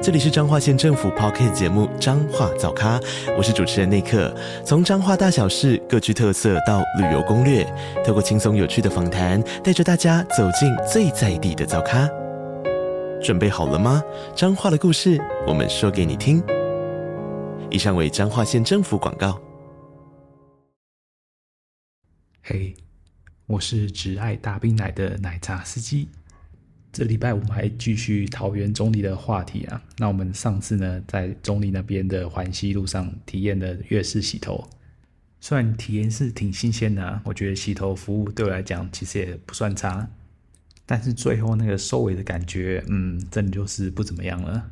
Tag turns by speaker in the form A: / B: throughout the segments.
A: 這裡是彰化縣政府 Podcast 節目《彰化早咖》，我是主持人內克。從彰化大小事各具特色到旅遊攻略，透過輕鬆有趣的訪談，帶着大家走進最在地的早咖。準備好了嗎？彰化的故事，我們說給你聽。以上為彰化縣政府廣告。嘿，hey, 我是只愛大冰奶的奶茶司機。這禮拜五我們還繼續桃園中壢的話題啊，那我們上次呢在中壢那邊的環西路上體驗了月式洗頭，雖然體驗是挺新鮮的、啊，我覺得洗頭服務對我來講其實也不算差，但是最後那個收尾的感覺，嗯，真的就是不怎麼樣了，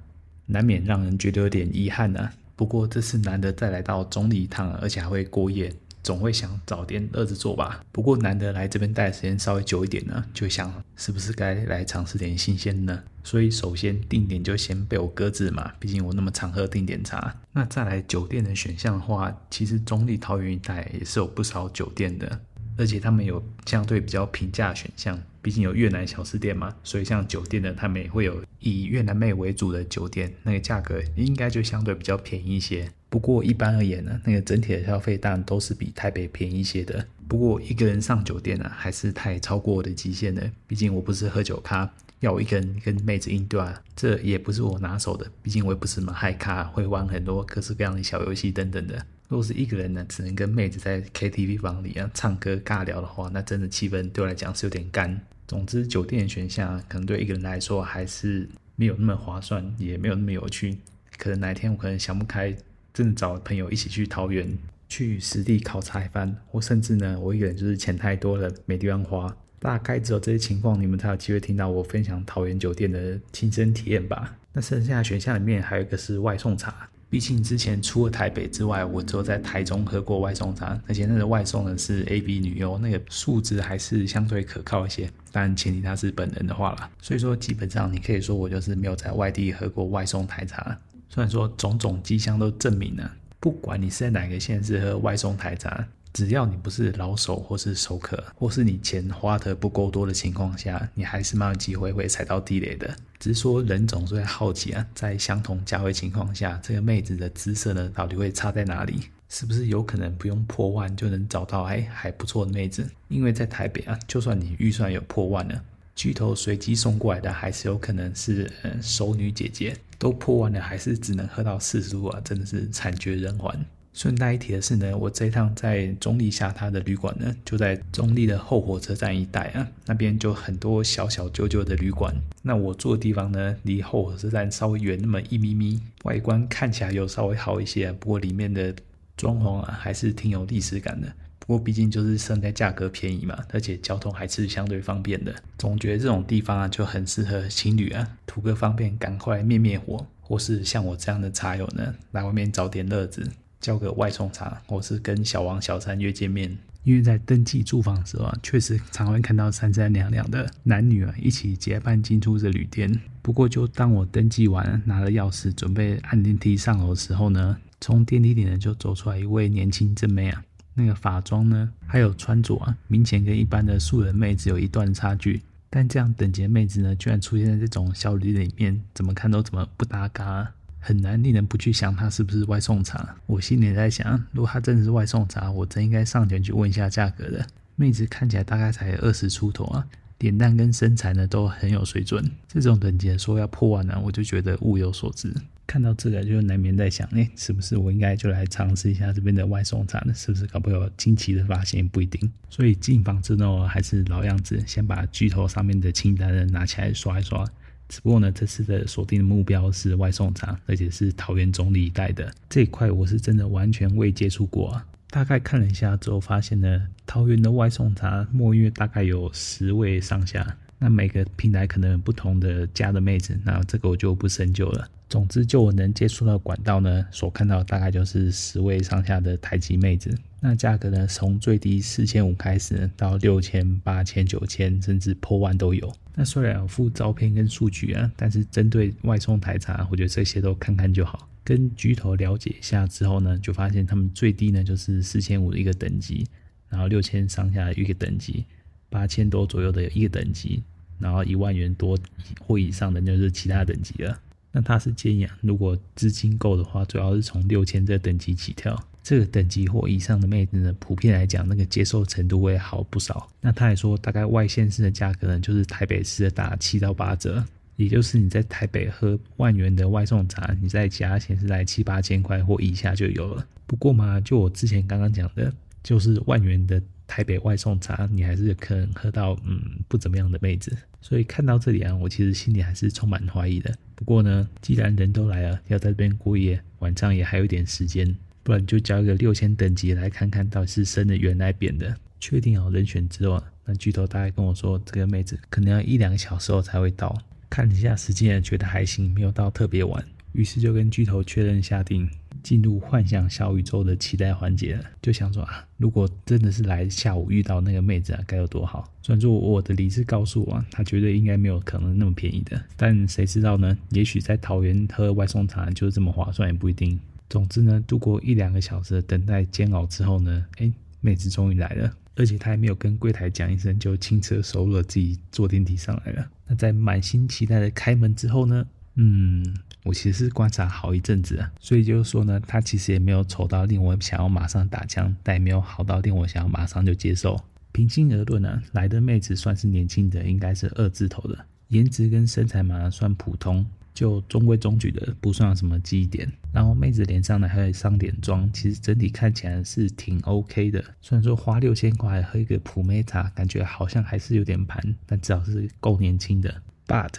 A: 難免讓人覺得有點遺憾啊。不過這次難得再來到中壢一趟、啊，而且還會過夜。總會想找點樂子做吧。不過難得來這邊待的時間稍微久一點呢，就想是不是該來嘗試點新鮮呢？所以首先定點就先被我擱置嘛，畢竟我那麼常喝定點茶。那再來酒店的選項的話，其實中壢桃園一帶也是有不少酒店的。而且他們有相對比較平價選項，畢竟有越南小吃店嘛，所以像酒店呢，他們也會有以越南妹為主的酒店，那個價格應該就相對比較便宜一些。不過一般而言呢、啊，那個整體的消費當然都是比台北便宜一些的。不過一個人上酒店呢、啊，還是太超過我的極限了，畢竟我不是喝酒咖，要一個人跟妹子硬對啊，這也不是我拿手的，畢竟我也不是什麼嗨咖，會玩很多各式各樣的小遊戲等等的。如果是一個人呢，只能跟妹子在 KTV 房裡啊唱歌尬聊的話，那真的氣氛對我來講是有點乾。總之，酒店的選項啊，可能對一個人來說還是沒有那麼划算，也沒有那麼有趣。可能哪一天我可能想不開，真的找朋友一起去桃園去實地考察一番，或甚至呢，我一個人就是錢太多了沒地方花。大概只有這些情況，你們才有機會聽到我分享桃園酒店的親身體驗吧。那剩下的選項裡面還有一個是外送茶。畢竟之前除了台北之外，我只有在台中喝過外送茶。而且那個外送的是 A B 女優，那個素質還是相對可靠一些，當然前提她是本人的話啦，所以說基本上你可以說我就是沒有在外地喝過外送台茶。雖然說種種跡象都證明了啊，不管你是在哪個縣市喝外送台茶。只要你不是老手或是熟客，或是你錢花得不夠多的情況下，你還是蠻有機會會踩到地雷的。只是說人總是在好奇啊，在相同價位情況下，這個妹子的姿色呢，到底會差在哪裡？是不是有可能不用破萬就能找到哎還，還不錯的妹子？因為在台北啊，就算你預算有破萬呢，巨頭隨機送過來的還是有可能是嗯熟女姐姐，都破萬了還是只能喝到四十度啊，真的是慘絕人寰。順帶一提的是呢，我這趟在中壢下榻的旅館呢，就在中壢的後火車站一帶啊，那邊就很多小小舊舊的旅館。那我住的地方呢，離後火車站稍微遠那麼一咪咪，外觀看起來又稍微好一些，不過裡面的裝潢啊還是挺有歷史感的。不過畢竟就是勝在價格便宜嘛，而且交通還是相對方便的。總覺得這種地方啊，就很適合情侶啊圖個方便，趕快滅滅火，或是像我這樣的茶友呢，來外面找點樂子。叫個外送茶，我是跟小王、小三約見面，因為在登記住房的時候啊，確實常會看到三三兩兩的男女啊一起結伴進出這旅店。不過，就當我登記完，拿了鑰匙，準備按電梯上樓的時候呢，從電梯裡呢就走出來一位年輕正妹啊，那個髮妝呢，還有穿着啊，明顯跟一般的素人妹子有一段差距。但這樣等級的妹子呢，居然出現在這種小旅裡面，怎麼看都怎麼不搭嘎、啊。很難令人不去想它是不是外送茶。我心裡在想，如果它真的是外送茶，我真應該上前去問一下價格的。妹子看起來大概才二十出頭啊，臉蛋跟身材呢都很有水準。這種等級說要破萬呢、啊，我就覺得物有所值。看到這個就難免在想，哎、欸，是不是我應該就來嘗試一下這邊的外送茶呢？是不是搞不好有驚奇的發現？不一定。所以進房之後還是老樣子，先把巨頭上面的清單呢拿起來刷一刷。只不過呢，這次的鎖定的目標是外送茶，而且是桃園中壢一帶的這一塊，我是真的完全未接觸過。啊。大概看了一下之後，發現呢，桃園的外送茶，墨月大概有十位上下，那每個平台可能有不同的家的妹子，那這個我就不深究了。總之，就我能接觸到的管道呢，所看到大概就是十位上下的台籍妹子。那價格呢？從最低四千五開始呢，到六千、八千、九千，甚至破萬都有。那雖然有附照片跟數據啊，但是針對外送台茶，我覺得這些都看看就好。跟巨頭了解一下之後呢，就發現他們最低呢就是四千五一個等級，然後六千上下一個等級，八千多左右的一個等級，然後一萬元多或以上的就是其他等級了。那他是建議，啊，如果資金夠的話，主要是從六千這個等級起跳。這個等級或以上的妹子呢，普遍來講，那個接受程度會好不少。那他還說，大概外縣市的價格呢，就是台北市的打七到八折，也就是你在台北喝萬元的外送茶，你在其他縣市來七八千塊或以下就有了。不過嘛，就我之前剛剛講的，就是萬元的台北外送茶，你還是可能喝到嗯不怎麼樣的妹子。所以看到這裡啊，我其實心裡還是充滿懷疑的。不過呢，既然人都來了，要在這邊過夜，晚上也還有一點時間。不然就交一個六千等級來看看到底是生的圓來扁的。確定好人選之後，那巨頭大概跟我說這個妹子可能要一兩個小時後才會到。看一下時間覺得還行，沒有到特別晚，於是就跟巨頭確認下定，進入幻想小宇宙的期待環節了。就想說啊，如果真的是來下午遇到那個妹子啊，該有多好！算作我的理智告訴我，啊，她絕對應該沒有可能那麼便宜的。但誰知道呢？也許在桃園喝外送茶就是這麼划算，也不一定。總之呢，度過一兩個小時的等待煎熬之後呢，哎、欸，妹子終於來了，而且她還沒有跟櫃台講一聲，就輕車熟路的自己坐電梯上來了。那在滿心期待的開門之後呢，嗯，我其實是觀察好一陣子啊，所以就是說呢，她其實也沒有醜到令我想要馬上打槍，但也沒有好到令我想要馬上就接受。平心而論呢、啊，來的妹子算是年輕的，應該是二字頭的，顏值跟身材嘛算普通。就中規中矩的，不算什麼記憶點。然後妹子臉上呢還有上點妝，其實整體看起來是挺 OK 的。雖然說花六千塊喝一個普美茶，感覺好像還是有點盤，但至少是夠年輕的。But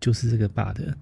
A: 就是這個 But，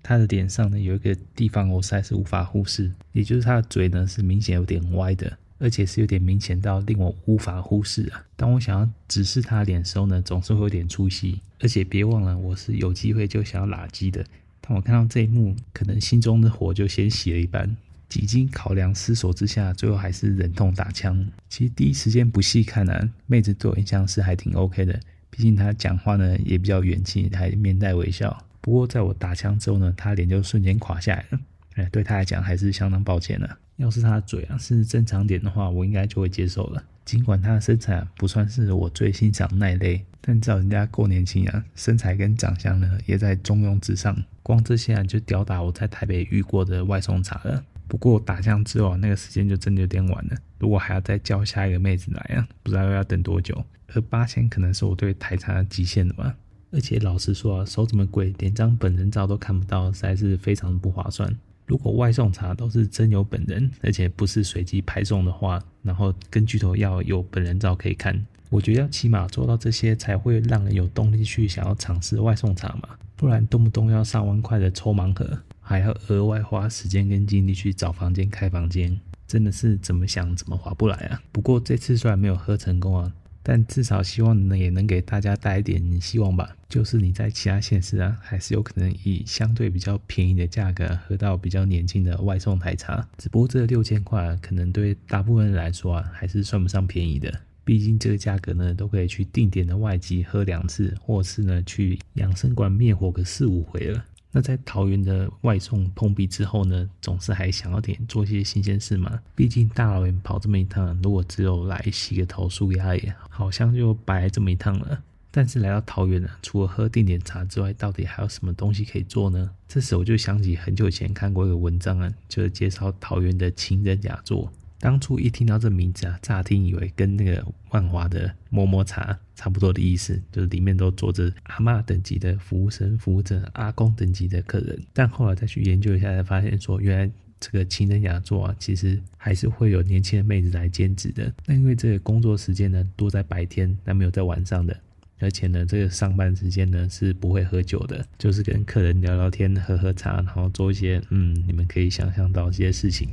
A: 她的臉上呢有一個地方我實在是無法忽視，也就是她的嘴呢是明顯有點歪的，而且是有點明顯到令我無法忽視啊。當我想要直視她臉的，的時候呢，總是會有點出戲，而且別忘了，我是有機會就想要垃圾的。我看到這一幕，可能心中的火就先熄了一半。幾經考量思索之下，最後還是忍痛打槍。其實第一時間不細看呢、啊，妹子對我印象是還挺 OK 的，畢竟她講話呢也比較元氣，還面帶微笑。不過在我打槍之後呢，她臉就瞬間垮下來了。哎，對她來講還是相當抱歉的、啊。要是她的嘴啊是正常點的話，我應該就會接受了。儘管她的身材、啊、不算是我最欣賞那一類，但只要人家夠年輕啊，身材跟長相呢也在中庸之上，光這些啊就吊打我在台北遇過的外送茶了。不過打烊之後、啊、那個時間就真的有點晚了，如果還要再叫下一個妹子來啊，不知道又要等多久。而八千可能是我對台茶的極限了吧？而且老實說啊，收這麼貴，連張本人照都看不到，實在是非常不划算。如果外送茶都是真有本人，而且不是隨機派送的話，然後跟巨頭要有本人照可以看，我覺得要起碼做到這些才會讓人有動力去想要嘗試外送茶嘛。不然動不動要上萬塊的抽盲盒，還要額外花時間跟精力去找房間開房間，真的是怎麼想怎麼划不來啊。不過這次雖然沒有喝成功啊。但至少希望呢，也能給大家帶一點希望吧。就是你在其他縣市啊，還是有可能以相對比較便宜的價格喝到比較年輕的外送台茶。只不過這六千塊啊，可能對大部分人來說啊，還是算不上便宜的。畢竟這個價格呢，都可以去定點的外籍喝兩次，或是呢去養生館滅火個四五回了。那在桃園的外送碰壁之後呢，總是還想要點做些新鮮事嘛。畢竟大老遠跑這麼一趟，如果只有來洗個頭漱個牙，也好像就白來這麼一趟了。但是來到桃園呢、啊，除了喝定點茶之外，到底還有什麼東西可以做呢？這時我就想起很久以前看過一個文章啊，就是介紹桃園的情人雅座。當初一聽到這名字啊，乍聽以為跟那個萬華的摸摸茶差不多的意思，就是裡面都坐着阿嬤等級的服務生服務着阿公等級的客人。但後來再去研究一下，才發現說，原來這個情人雅座啊，其實還是會有年輕的妹子來兼職的。那因為這個工作時間呢多在白天，那沒有在晚上的，而且呢這個上班時間呢是不會喝酒的，就是跟客人聊聊天、喝喝茶，然後做一些嗯，你們可以想象到的這些事情。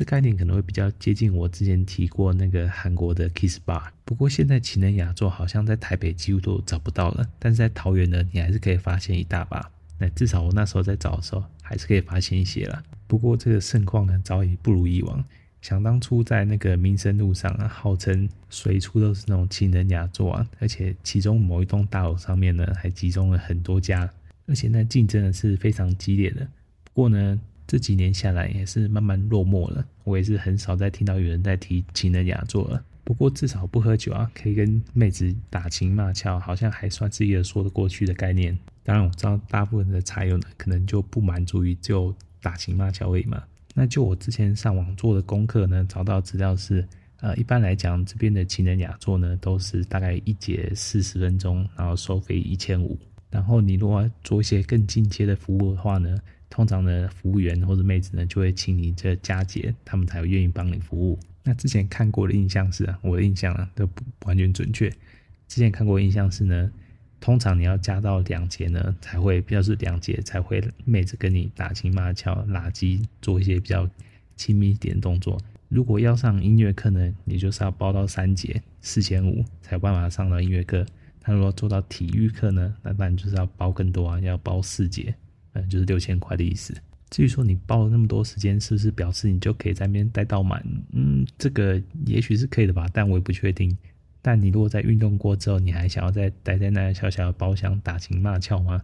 A: 這概念可能會比較接近我之前提過那個韓國的 Kiss Bar，不過現在情人雅座好像在台北幾乎都找不到了，但是在桃園呢，你還是可以發現一大把。那至少我那時候在找的時候，還是可以發現一些啦。不過這個盛況呢，早已不如以往。想當初在那個民生路上啊，號稱隨處都是那種情人雅座啊，而且其中某一棟大樓上面呢，還集中了很多家，而且那競爭呢是非常激烈的。不過呢，這幾年下來也是慢慢落寞了，我也是很少再聽到有人在提情人雅座了。不過至少不喝酒啊，可以跟妹子打情罵俏，好像還算是一個說得過去的概念。當然，我知道大部分的茶友呢，可能就不滿足於就打情罵俏而已嘛。那就我之前上網做的功課呢，找到資料是，呃，一般來講這邊的情人雅座呢，都是大概一節四十分鐘，然後收費一千五。然後你如果要做一些更進階的服務的話呢，通常的服務員或者妹子呢，就會請你這加節，他們才有願意幫你服務。那之前看過的印象是，我的印象啊都不完全準確。之前看過的印象是呢，通常你要加到兩節呢，才會，要是兩節才會妹子跟你打情罵俏、拉雞，做一些比較親密一點的動作。如果要上音樂課呢，你就是要包到三節，四千五才有辦法上到音樂課。那如果做到體育課呢，那當然就是要包更多啊，要包四節。嗯，就是六千塊的意思。至於說你報了那麼多時間，是不是表示你就可以在那邊待到滿？嗯，這個也許是可以的吧，但我也不確定。但你如果在運動過之後，你還想要再待在那小小的包廂打情罵俏嗎？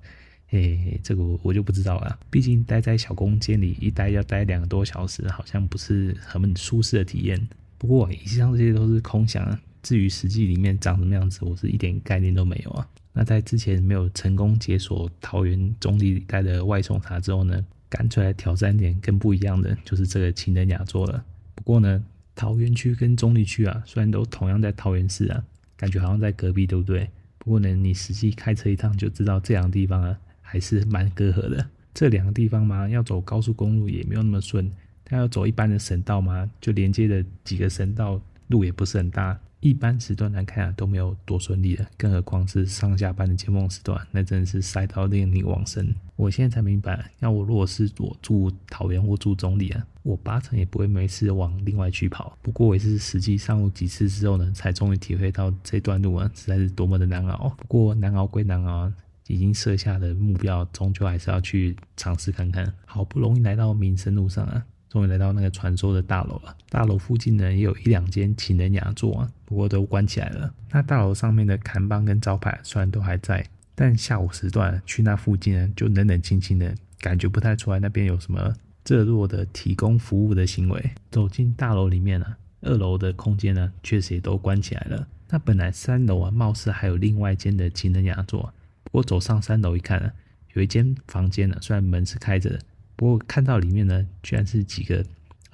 A: 嘿嘿，這個我我就不知道了。畢竟待在小空間裡一待要待兩個多小時，好像不是很舒適的體驗。不過以上這些都是空想，至於實際裡面長什麼樣子，我是一點概念都沒有啊。那在之前沒有成功解鎖桃園中壢一帶的外送茶之後呢，乾脆來挑戰點更不一樣的，就是這個情人雅座了。不過呢，桃園區跟中壢區啊，雖然都同樣在桃園市啊，感覺好像在隔壁，對不對？不過呢，你實際開車一趟就知道，這兩個地方啊，還是蠻隔閡的。這兩個地方嘛，要走高速公路也沒有那麼順，但要走一般的省道嘛，就連接的幾個省道路也不是很大。一般時段來看啊，都沒有多順利的，更何況是上下班的接縫時段，那真的是塞到令你往生。我現在才明白，要我如果是我住桃園或住中壢啊，我八成也不會沒事往另外去跑。不過我也是實際上路幾次之後呢，才終於體會到這段路啊，實在是多麼的難熬。不過難熬歸難熬，已經設下的目標，終究還是要去嘗試看看。好不容易來到民生路上啊。終於來到那個傳說的大樓了、啊。大樓附近呢，也有一兩間情人雅座、啊，不過都關起來了。那大樓上面的看板跟招牌、啊、雖然都還在，但下午時段、啊、去那附近呢，就冷冷清清的，感覺不太出來那邊有什麼熱絡的提供服務的行為。走進大樓裡面呢、啊，二樓的空間呢，確實也都關起來了。那本來三樓啊，貌似還有另外一間的情人雅座、啊，不過走上三樓一看呢、啊，有一間房間呢、啊，雖然門是開着的。不過看到裡面呢，居然是幾個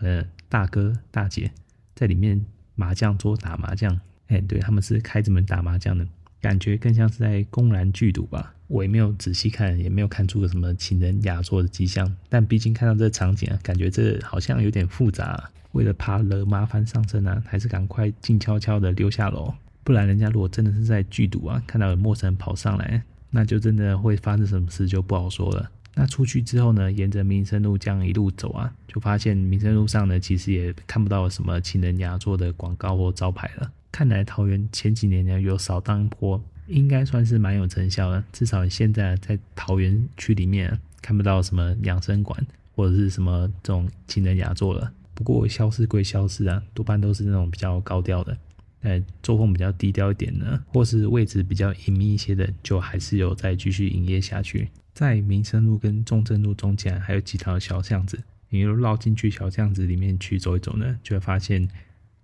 A: 呃大哥大姐在裡面麻將桌打麻將。哎、欸，對，他們是開着門打麻將的。感覺更像是在公然聚賭吧。我也沒有仔細看，也沒有看出個什麼情人雅座的跡象。但畢竟看到這個場景啊，感覺這好像有點複雜、啊。為了怕惹麻煩上身呢、啊，還是趕快靜悄悄的溜下樓。不然人家如果真的是在聚賭啊，看到有陌生人跑上來，那就真的會發生什麼事就不好說了。那出去之後呢，沿着民生路這樣一路走啊，就發現民生路上呢，其實也看不到什麼情人雅座的廣告或招牌了。看來桃園前幾年呢，有掃蕩波，應該算是蠻有成效的。至少你現在在桃園區裡面啊，看不到什麼養生館或者是什麼這種情人雅座了。不過消失歸消失啊，多半都是那種比較高調的，呃，作風比較低調一點呢，或是位置比較隱秘一些的，就還是有在繼續營業下去。在民生路跟中正路中間還有幾條小巷子，你若繞進去小巷子裡面去走一走呢，就會發現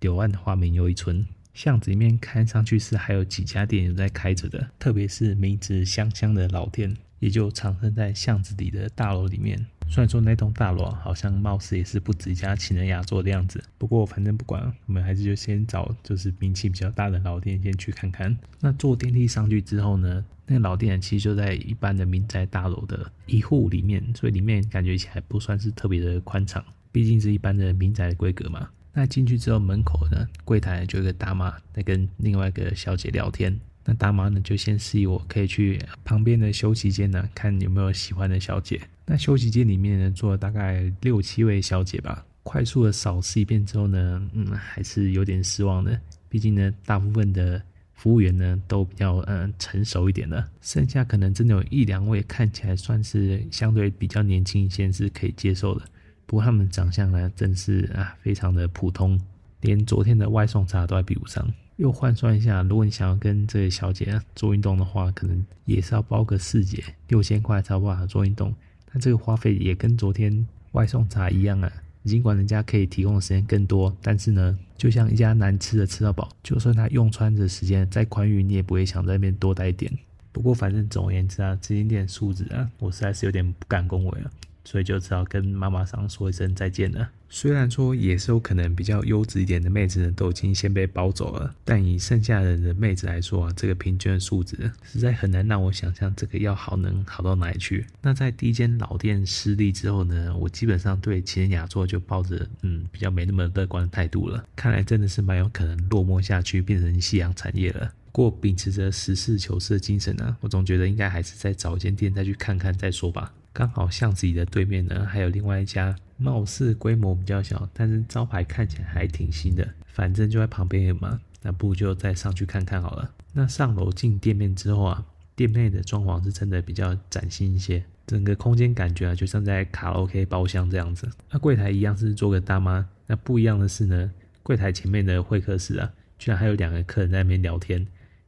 A: 柳暗花明又一村。巷子裡面看上去是還有幾家店有在開着的，特別是名字香香的老店，也就藏身在巷子裡的大樓裡面。雖然說那棟大樓，好像貌似也是不止一家情人雅座的樣子，不過反正不管，我們還是就先找就是名氣比較大的老店先去看看。那坐電梯上去之後呢，那個老店其實就在一般的民宅大樓的一戶裡面，所以裡面感覺起來不算是特別的寬敞，畢竟是一般的民宅的規格嘛。那進去之後，門口呢櫃檯就有一個大媽在跟另外一個小姐聊天。那大媽呢就先示意我可以去旁邊的休息間呢，看有沒有喜歡的小姐。那休息間裡面呢坐了大概六七位小姐吧，快速的掃視一遍之後呢，嗯，還是有點失望的。畢竟呢，大部分的服務員呢都比較嗯、呃、成熟一點的，剩下可能真的有一兩位看起來算是相對比較年輕一些，是可以接受的。不過他們長相呢真是啊非常的普通，連昨天的外送茶都還比不上。又換算一下，如果你想要跟這個小姐、啊、做運動的話，可能也是要包個四節六千塊差不多把她做運動。但這個花費也跟昨天外送茶一樣啊。儘管人家可以提供的時間更多，但是呢，就像一家難吃的吃到飽，就算他用餐的時間再寬裕，你也不會想在那邊多待一點。不過反正總而言之啊，這金店的素質啊，我實在是有點不敢恭維啊。所以就只好跟媽媽桑說一聲再見了。雖然說也是有可能比較優質一點的妹子呢，都已經先被包走了，但以剩下的人的妹子來說啊，這個平均的素質實在很難讓我想象這個要好能好到哪裡去。那在第一間老店失利之後呢，我基本上對情人雅座就抱着嗯比較沒那麼樂觀的態度了。看來真的是蠻有可能落寞下去，變成夕陽產業了。不過秉持着實事求是的精神呢，啊，我總覺得應該還是再找一間店再去看看再說吧。剛好巷子裡的對面呢，還有另外一家，貌似規模比較小，但是招牌看起來還挺新的。反正就在旁邊嘛，那不如就再上去看看好了。那上樓進店面之後啊，店內的裝潢是真的比較嶄新一些，整個空間感覺啊，就像在卡拉 OK 包廂這樣子。那櫃台一樣是做個大媽，那不一樣的是呢，櫃台前面的會客室啊，居然還有兩個客人在那邊聊天。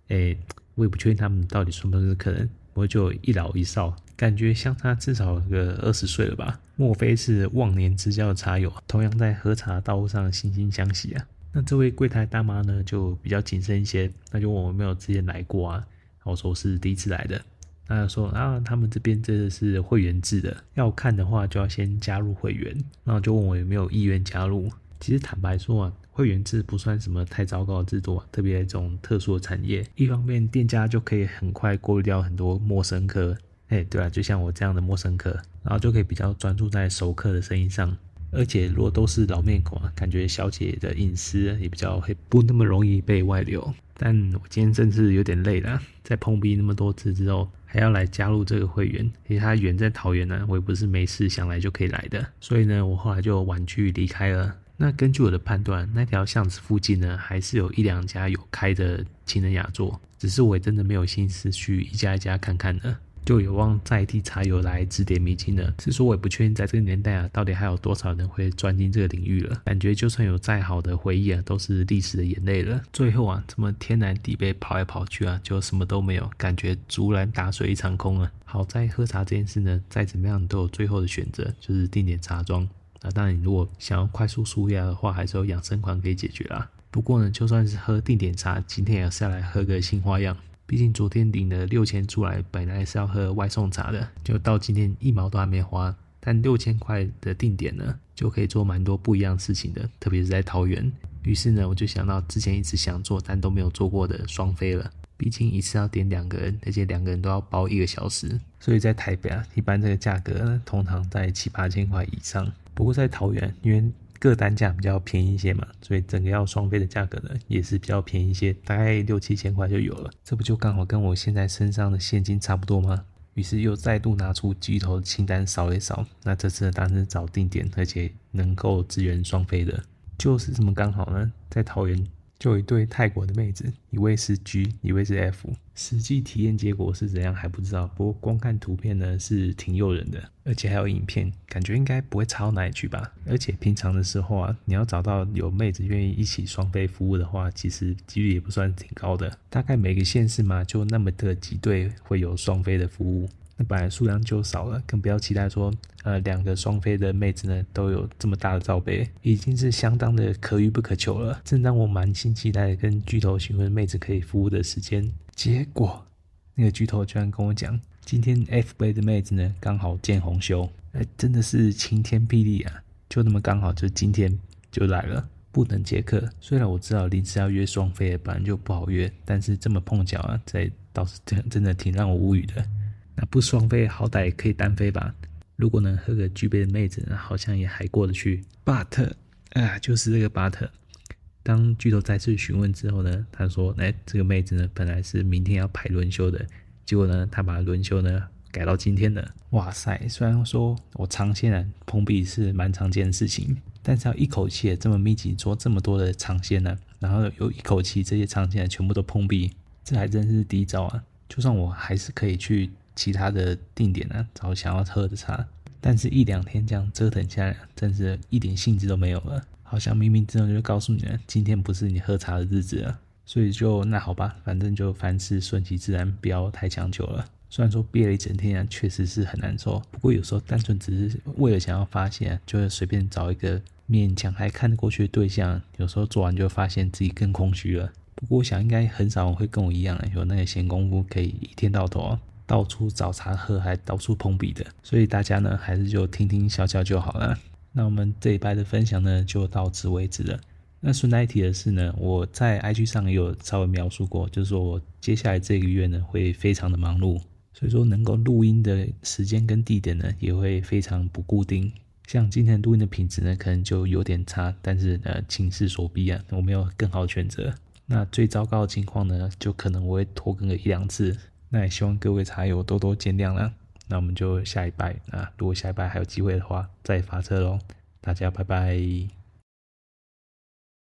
A: 哎、欸，我也不確定他們到底算不算客人，我就一老一少。感覺相差至少個二十歲了吧？莫非是忘年之交的茶友，同樣在喝茶道路上惺惺相惜啊？那這位櫃台大媽呢，就比較謹慎一些，那就問我有沒有之前來過啊？我說是第一次來的。那就說啊，他們這邊真的是會員制的，要看的話就要先加入會員。那我就問我有沒有意願加入。其實坦白說啊，會員制不算什麼太糟糕的制度，啊，特別這種特殊的產業。一方面店家就可以很快過濾掉很多陌生客。哎，hey, 對啊，就像我這樣的陌生客，然後就可以比較專注在熟客的生意上。而且如果都是老面孔啊，感覺小姐的隱私也比較會不那麼容易被外流。但我今天真是有點累了，在碰壁那麼多次之後，還要來加入這個會員，因為他遠在桃園呢啊，我也不是沒事想來就可以來的。所以呢，我後來就婉拒離開了。那根據我的判斷，那條巷子附近呢，還是有一兩家有開的情人雅座，只是我也真的沒有心思去一家一家看看了。就有望在地茶友來指點迷津了。是說，我也不確定在這個年代啊，到底還有多少人會鑽進這個領域了。感覺就算有再好的回憶啊，都是歷史的眼淚了。最後啊，這麼天南地北跑來跑去啊，就什麼都沒有，感覺竹籃打水一場空啊。好在喝茶這件事呢，再怎麼樣你都有最後的選擇，就是定點茶莊。那當然，如果想要快速舒壓的話，還是有養生館可以解決啊。不過呢，就算是喝定點茶，今天也是要來喝個新花樣。畢竟昨天領了六千出來，本來是要喝外送茶的，就到今天一毛都還沒花。但六千塊的定點呢，就可以做蠻多不一樣的事情的，特別是在桃園。於是呢，我就想到之前一直想做但都沒有做過的雙飛了。畢竟一次要點兩個人，而且兩個人都要包一個小時，所以在台北啊，一般這個價格呢通常在七八千塊以上。不過在桃園，因為各單價比較便宜一些嘛，所以整個要雙飛的價格呢也是比較便宜一些，大概六七千塊就有了。這不就剛好跟我現在身上的現金差不多嗎？於是又再度拿出巨頭清單掃一掃，那這次呢當然是找定點，而且能夠支援雙飛的，就是這麼剛好呢，在桃園。就一對泰國的妹子，一位是 G，一位是 F。實際體驗結果是怎樣還不知道，不過光看圖片呢是挺誘人的，而且還有影片，感覺應該不會差到哪裡去吧。而且平常的時候啊，你要找到有妹子願意一起雙飛服務的話，其實幾率也不算挺高的，大概每個縣市嘛就那麼的幾對會有雙飛的服務。本來數量就少了，更不要期待說，呃，兩個雙飛的妹子呢都有這麼大的罩杯，已經是相當的可遇不可求了。正當我滿心期待跟巨頭詢問妹子可以服務的時間，結果那個巨頭居然跟我講，今天 F 杯的妹子呢剛好見紅休，哎、欸，真的是晴天霹靂啊！就那麼剛好，就今天就來了，不能接客，雖然我知道臨時要約雙飛的本來就不好約，但是這麼碰巧啊，這倒是真的真的挺讓我無語的。那不雙飛，好歹也可以單飛吧？如果能喝個巨杯的妹子呢，好像也還過得去。But，哎呀，就是這個 But，當巨頭再次詢問之後呢，他說：“哎、欸，這個妹子呢，本來是明天要排輪休的，結果呢，他把輪休呢改到今天了。”哇塞！雖然說我長線碰壁是蠻常見的事情，但是要一口氣這麼密集做這麼多的長線呢，然後又一口氣這些長線全部都碰壁，這還真是第一招啊！就算我還是可以去。其他的定點呢、啊，找想要喝的茶，但是一兩天這樣折騰下來，真是一點興致都沒有了。好像冥冥之中就告訴你了，今天不是你喝茶的日子了。所以就那好吧，反正就凡事順其自然，不要太強求了。雖然說憋了一整天啊，確實是很難受。不過有時候單純只是為了想要發洩、啊，就會隨便找一個勉強還看得過去的對象。有時候做完就發現自己更空虛了。不過我想應該很少會跟我一樣有那個閒工夫可以一天到頭、啊。到處找茶喝，還到處碰壁的，所以大家呢，還是就聽聽笑笑就好了。那我們這禮拜的分享呢，就到此為止了。那順帶提的是呢，我在 IG 上也有稍微描述過，就是說我接下來這個月呢，會非常的忙碌，所以說能夠錄音的時間跟地點呢，也會非常不固定。像今天錄音的品質呢，可能就有點差，但是呢，情勢所逼啊，我沒有更好的選擇。那最糟糕的情況呢，就可能我會拖更個一兩次。那也希望各位茶友多多見諒啦。那我們就下禮拜。啊，如果下禮拜還有機會的話，再發車嘍。大家拜拜。